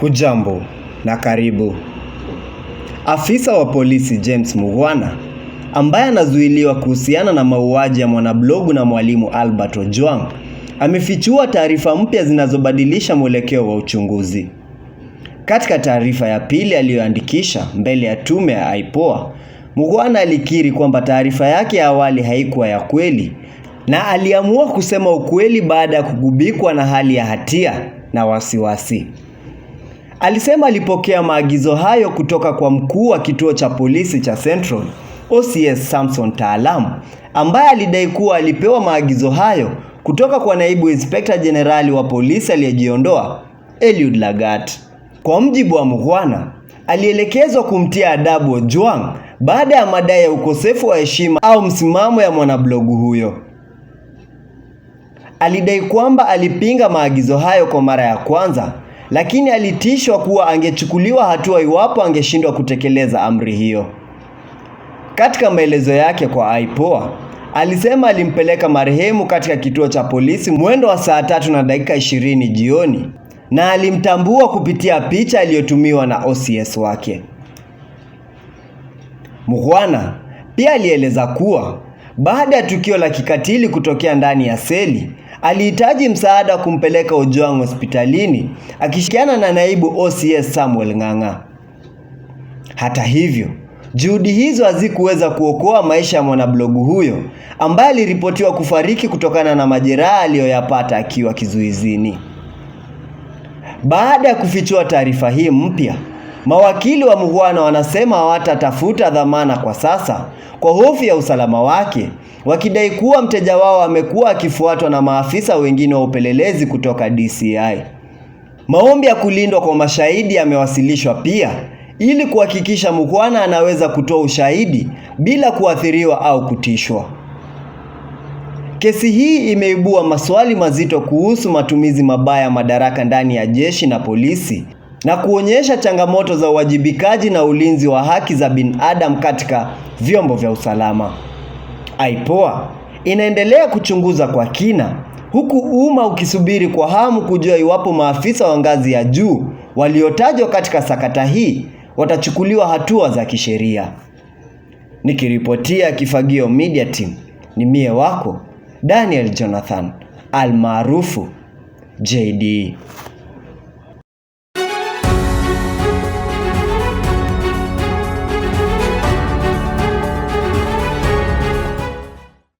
Hujambo na karibu. Afisa wa polisi James Mugwana ambaye anazuiliwa kuhusiana na mauaji ya mwanablogu na mwalimu Albert Ojwang amefichua taarifa mpya zinazobadilisha mwelekeo wa uchunguzi. Katika taarifa ya pili aliyoandikisha mbele ya tume ya IPOA, Mugwana alikiri kwamba taarifa yake ya awali haikuwa ya kweli na aliamua kusema ukweli baada ya kugubikwa na hali ya hatia na wasiwasi alisema alipokea maagizo hayo kutoka kwa mkuu wa kituo cha polisi cha Central OCS Samson Taalamu ambaye alidai kuwa alipewa maagizo hayo kutoka kwa naibu inspekta jenerali wa polisi aliyejiondoa Eliud Lagat. Kwa mjibu wa Mukhwana, alielekezwa kumtia adabu Ojwang baada ya madai ya ukosefu wa heshima au msimamo ya mwanablogu huyo. Alidai kwamba alipinga maagizo hayo kwa mara ya kwanza lakini alitishwa kuwa angechukuliwa hatua iwapo angeshindwa kutekeleza amri hiyo. Katika maelezo yake kwa IPOA alisema alimpeleka marehemu katika kituo cha polisi mwendo wa saa tatu na dakika ishirini jioni na alimtambua kupitia picha iliyotumiwa na OCS wake. Mukhwana pia alieleza kuwa baada ya tukio la kikatili kutokea ndani ya seli, alihitaji msaada kumpeleka Ojwang hospitalini akishikiana na naibu OCS Samuel Ng'ang'a. Hata hivyo, juhudi hizo hazikuweza kuokoa maisha ya mwanablogu huyo ambaye aliripotiwa kufariki kutokana na majeraha aliyoyapata akiwa kizuizini. Baada ya kufichua taarifa hii mpya, Mawakili wa Mukhwana wanasema hawatatafuta dhamana kwa sasa kwa hofu ya usalama wake, wakidai kuwa mteja wao amekuwa akifuatwa na maafisa wengine wa upelelezi kutoka DCI. Maombi ya kulindwa kwa mashahidi yamewasilishwa pia ili kuhakikisha Mukhwana anaweza kutoa ushahidi bila kuathiriwa au kutishwa. Kesi hii imeibua maswali mazito kuhusu matumizi mabaya ya madaraka ndani ya jeshi na polisi na kuonyesha changamoto za uwajibikaji na ulinzi wa haki za binadamu katika vyombo vya usalama. IPOA inaendelea kuchunguza kwa kina huku umma ukisubiri kwa hamu kujua iwapo maafisa wa ngazi ya juu waliotajwa katika sakata hii watachukuliwa hatua za kisheria. Nikiripotia Kifagio Media Team, ni mie wako Daniel Jonathan almaarufu JD.